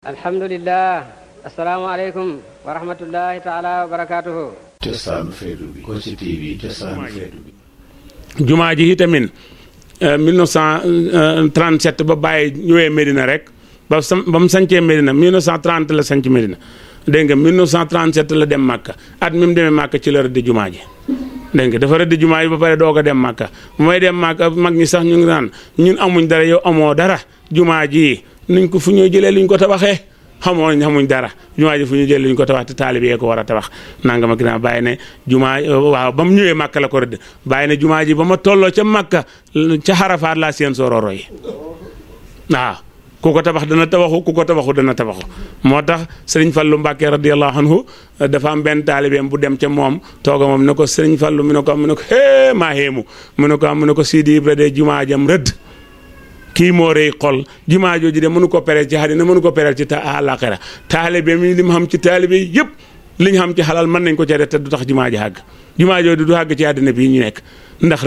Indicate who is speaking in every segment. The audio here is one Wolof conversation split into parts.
Speaker 1: alhamdulilah asalaamaaleykum wa rahmatullahi taala wa barakaatuhu cosaanu feetu bi Kossy TV cosaanu feetu bi jumaa ji itamit 1937 euh, euh, ba bàyyi ñëwee Medina rek ba sam ba mu sancee Medina 1930 la sanc Medina dégg la dem Màkka at mi mu demee Màkka ci la rëdd jumaa ji dégg nga dafa rëdd jumaa ji ba pare doog a dem Màkka mooy may dem Màkka mag ñi sax ñu ngi naan ñun amuñ dara yow amoo dara jumaa ji niñ ko fu ñuy jëlee luñ ko tabaxee xamoo xamuñ dara jumaa ji fu ñuy jël luñ ko tabax te taalib yee ko war a tabax nangam ak naa bàyyi ne jumaa waaw ba mu ñëwee màkka ko rëdd bàyyi ne jumaa ji ba ma tolloo ca màkka ca xarafaat la seen sororo yi waaw ku ko tabax dana tabaxu ku ko tabaxu dana tabaxu moo tax sëriñ Fallu Mbàkke radiallahu anhu dafa am benn taalibeem bu dem ca moom tooga moom ne ko sëriñ Fallu mu ne ko am mu ne ko hee maa héemu mu ne ko am mu ne ko Sidi Ibra jumaa jam rëdd ki mo rëy xol jumaa jooju de mënu ko pereel ci àddina mënu ko pereel ci ta àllaaxira taalibe mi lim xam ci taalibe yëpp liñ xam ci xalal mën nañ ko ci rete du tax jumaa ji àgg jumaa jooju du àgg ci àddina bi ñu nekk ndax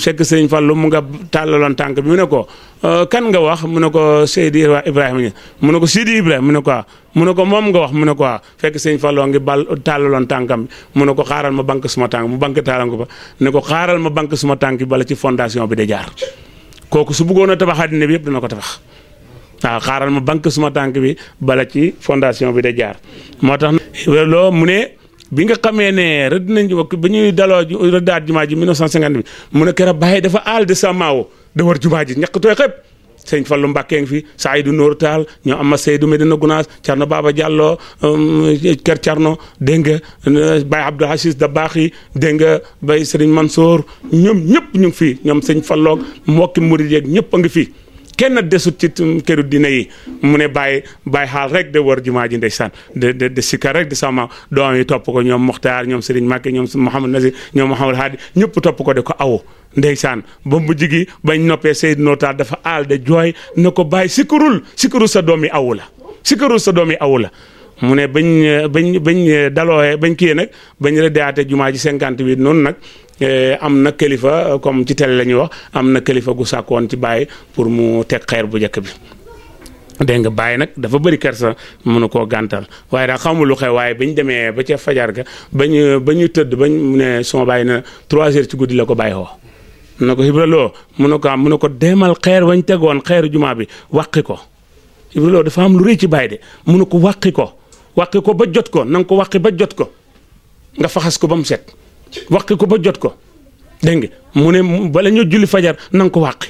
Speaker 1: fekk mm, sëriñ Fallu mu nga tàllaloon tànk bi mu ko euh, kan nga wax mu ne ko Seydi Ibrahima mu ne ko sidi ibrahim mu ne ko ah. mu ne ko moom nga wax mu ko ah. fekk sëriñ fallo ngi bal tàllaloon tànkam mu ne ko xaaral ma bank suma tànk mu banque tàllanko ba ne ko xaaral ma bank suma tànk bi bala ci fondation bi de jaar kooku su bëggoon a tabax àddina bi yëpp dana ko tabax waaw xaaral ma banque suma tànk bi bala ci fondation bi da jaar moo tax na loo mu ne bi nga xamee ne rëdd nañ wakk ba ñuy daloo rëddaat jumaa ji 1950 bi mu ne keroog bàyyi dafa all de samaawo da war jumaa ji ñàkk tooy xëpp sëñ Fallou Mbacke ngi fi Saïdou Nour Tall ñoo am ma Seydou Medina Gounass Thierno Baba baaba um, Kër Thierno dégg nga euh, Baye Abdou Aziz Dabakhi dégg nga Baye Serigne Mansour ñoom ñëpp ñu ngi fi ñoom sëñ Fallou mu murid yeeg ñëpp a ngi fi. kenn desut ci këru dina yi mu ne bàyyi bàyyi xaal rek de wër jumaa ji ndeysaan de de de sikka rek di sama doom yi topp ko ñoom Moxtaar ñoom Serigne Màkke ñoom Mouhamad Nasir ñoom Mouhamad Hadi ñëpp topp ko de ko awu ndeysaan ba mu jigi bañ noppee Seydou Notaar dafa aal de jooy na ko bàyyi sikkarul sikkarul sa doom yi awu la sikkarul sa doom yi awu la mu ne bañ bañ bañ eh, dalooyee bañ kiyee nag bañ rëddaate jumaa ji cinquante huit noonu nag eh, am na kilifa comme ci télé la wax am na kilifa gu sàkkoon ci bàyyi pour mu teg xeer bu jëkk bi dégg nga bàyyi nag dafa bëri kersa mun koo gàntal waaye daal waaye bañ demee ba ca fajar ga bañ ba ñu tëdd bañ mu ne suma bàyyi na trois heures ci guddi la ko bàyyi woo mu ne ko Ibra Lo mu ne ko am mu ne ko demal xeer wañ tegoon xeeru jumaa bi wàqi ko Lo dafa am lu rëy ci bàyyi de mu na ko wàqi ko wàqi ko ba jot ko na nga ko wàqi ba jot ko nga faxas ko ba mu set wàqi ko ba jot ko dégg nga mu ne bala ñoo julli fajar na nga ko wàqi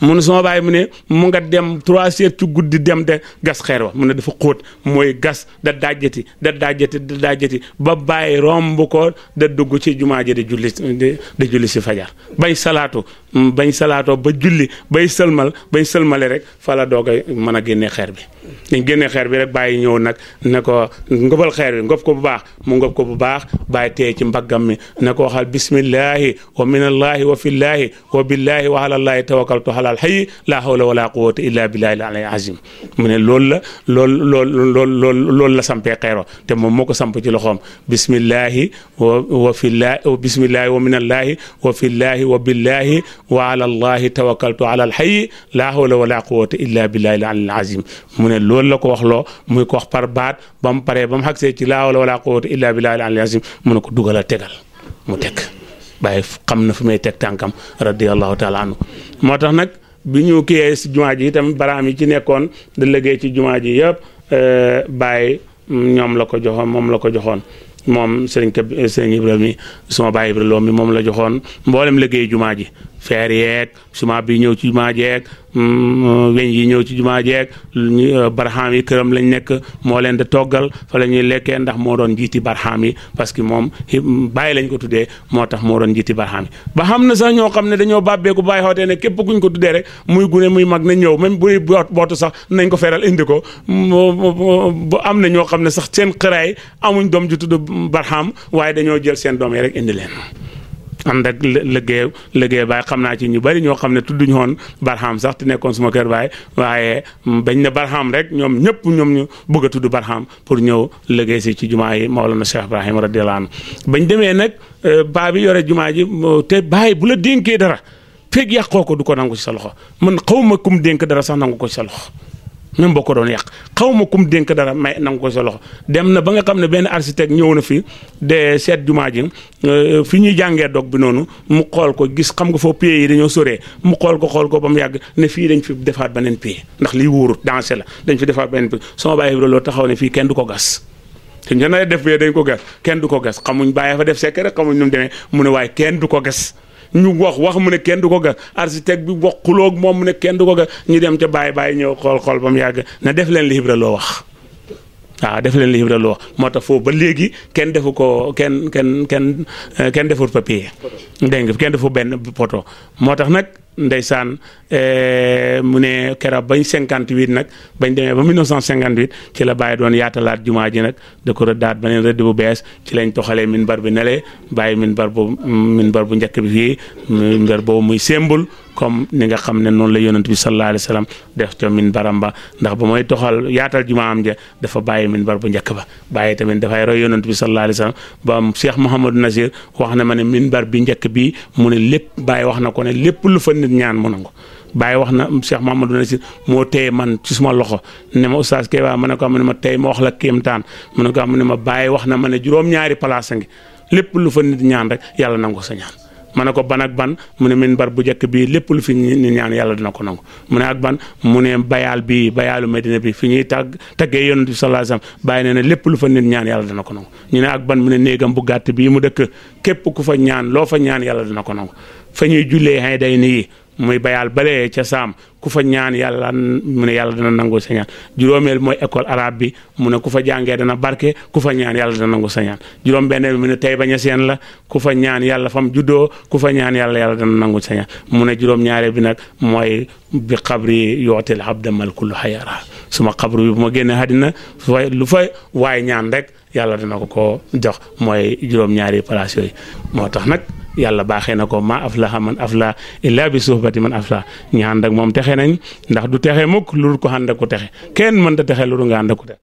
Speaker 1: mun sama baye mune mu nga dem 3 heures ci guddi dem de gas xeer wa mune dafa xóot moy gas da daajati da daajati da daajati ba baye romb ko da dugg ci jumaa ji di julli de julli ci fajar bay salatu bay salatu ba julli bay sëlmal bay selmal rek fa la doga meuna génne xeer bi ni génne xeer bi rek baye ñëw nak ne ko ngobal xeer bi ngob ko bu baax mu ngob ko bu baax baye teye ci mbagam mi ne ko waxal bismillahi wa minallahi wa fillahi wa billahi wa ala alallaahi tawakkaltu alal hayyi laa hawla wala quwwata illa billahi al azim mu ne loolu la loolu loolu loolu loolu la sampee xeero te moom moo ko samp ci loxoom bismillahi wa wa fillaahi bismillahi wa minallaahi wa fillaahi wa billaahi wa alallahi tawakkaltu alal hayyi laa hawla wala quwwata illa billahi al azim mu ne loolu la ko wax loo muy ko wax par baat ba mu paree ba mu xagsee ci laa hawla wala quwwata illa billahi al azim mu ne ko dugal a tegal mu tekk bàyyi xam na fu may teg tànkam radiallahu taala anhu moo tax nag bi ñu kiyee si jumaa ji itam baraam yi ci nekkoon da liggéey ci jumaa ji yëpp eh, bàyyi ñoom la ko joxoon moom la ko joxoon moom sëriñ kab sëriñ mi suma bàyyi Ibrahima mi moom la joxoon mbooleem liggéey jumaa ji feer yeeg ciment bi ñëw ci jumaa jeeg mm, uh, weñ yi ñëw ci jumaa jeeg uh, barxaam yi këram lañ nekk moo leen di toggal fa la ñuy lekkee ndax moo doon jiiti barxaam yi parce que moom bàyyi lañ ko tuddee moo tax moo doon jiiti barxaam yi ba xam na sax ñoo xam ne dañoo bàbbeeku bàyyi xootee ne képp kuñ ko tuddee rek muy gune muy mag na ñëw même bu bootu sax nañ ko feral indi ko bu am na ñoo xam ne sax seen xëraay amuñ doom ju tudd barxaam waaye dañoo jël seen doom yi rek indi leen ànd ak liggéey liggéey baay xam naa ci ñu bari ñoo xam ne tudduñu woon barxam sax ti nekkoon suma kër baay waaye bañ ne barxam rek ñoom ñëpp ñoom ñu bëgg a tudd barxam pour ñëw liggéey si ci jumaa yi ma Mawlana Cheikh Ibrahima radiyallahu anhu bañ demee nag euh, baa bi yore jumaa ji te baay bu la dénkee dara feeg yàqoo ko du ko nangu ci sa loxo man xaw ma kum dénk dara sax nangu ko ci sa loxo même boo ko doon yàq xaw ma kum dénk dara may nangu ko sa loxo dem na ba nga xam ne benn architecte ñëw na fi de seet jumaa ji euh, euh, fi ñuy jàngee dog bi noonu mu xool ko gis xam nga foo pieds yi dañoo soree mu xool ko xool ko ba mu yàgg ne fii dañ fi defaat beneen pied ndax lii wóorut dansé la dañ fi defaat beneen pied sama bàyyi bi taxaw ne fii kenn du ko gas. te ñu ne def bee ko gas kenn du ko gas xamuñ bàyyi fa def sekk rek xamuñ nu mu demee mu ne waaye kenn du ko gas. ñu wax wax mu ne kenn du ko ga architecte bi wax xuloog moom mu ne kenn du ko ga ñu dem ca bàyyi bàyyi ñëw xool xool ba mu yàgg na def leen li Ibra loo wax waaw def leen li Ibra loo wax moo tax foofu ba léegi kenn defu ko kenn kenn kenn eh, kenn defut papier dégg nga kenn defu benn poto moo tax nag ndeysaan eh, mu ne keroog bañ 58 nag bañ demee ba 1958 ci la bàyyi doon yaatalaat jumaa ji nag da ko rëddaat beneen rëdd bu bees ci lañ toxalee minbar bi nele bàyyi minbar bu minbar bu njëkk bi fii muy sémbul comme ni nga xam ne noonu la yonent bi sallallahu alayhi wa sallam def ca minbaram ba ndax ba mooy toxal yaatal jumaa am ja dafa bàyyi minbar bu njëkk ba bàyyi tamit dafay roy yonent bi sallallahu alayhi wa sallam ba am Cheikh Mouhamadou Nasir wax ma ne minbar bi njëkk bi mu ne lépp bàyyi wax na ko ne lépp lu fa nit ñaan mu nangu bàyyi wax na ma ma Mamadou Nasir moo téye man ci suma loxo ne ma oustaz Keba ma ne ko am ne ma tey ma wax la kéemtaan ma ne ko am ne ma bàyyi wax na ma ne juróom-ñaari place ngi lépp lu fa nit ñaan rek yàlla nangu sa ñaan ma ne ko ban ak ban mu ne min bar bu njëkk bii lépp lu fi ñu ñaan yàlla dina ko nangu mu ne ak ban mu ne bayaal bii bayaalu Medina bi fi ñuy tàgg taggee yonent di sallallahu alayhi bàyyi ne na lépp lu fa nit ñaan yàlla dana ko nangu ñu ne ak ban mu ne néegam bu gàtt bii mu dëkk képp ku fa ñaan loo fa ñaan yàlla dina ko nangu fa ñuy jullee hay day nii muy bayaal balee ca saam ku fa ñaan yàlla mu ne yàlla dana nangu sa ñaan juróomeel mooy école arabe bi mu ne ku fa jàngee dana barke ku fa ñaan yàlla dana nangu sa juróom beneen bi mu ne tey bañ seen la ku fa ñaan yàlla fam juddoo ku fa ñaan yàlla yàlla dana nangu sa ñaan mu ne juróom ñaareel bi nag mooy bi xabri yootel abda mal kullu xayara suma xabru bi bu ma génnee àddina fa lu fa waaye ñaan rek yàlla dana ko ko jox mooy juróom ñaari place yooyu moo yàlla baaxee na ko maa la xam man af afla illa bi ti man afla ñi ànd ak moom texe nañ ndax du texe mukk lu dul ko ànd ak texe kenn mënta texe lu dul nga ànd ak ku texe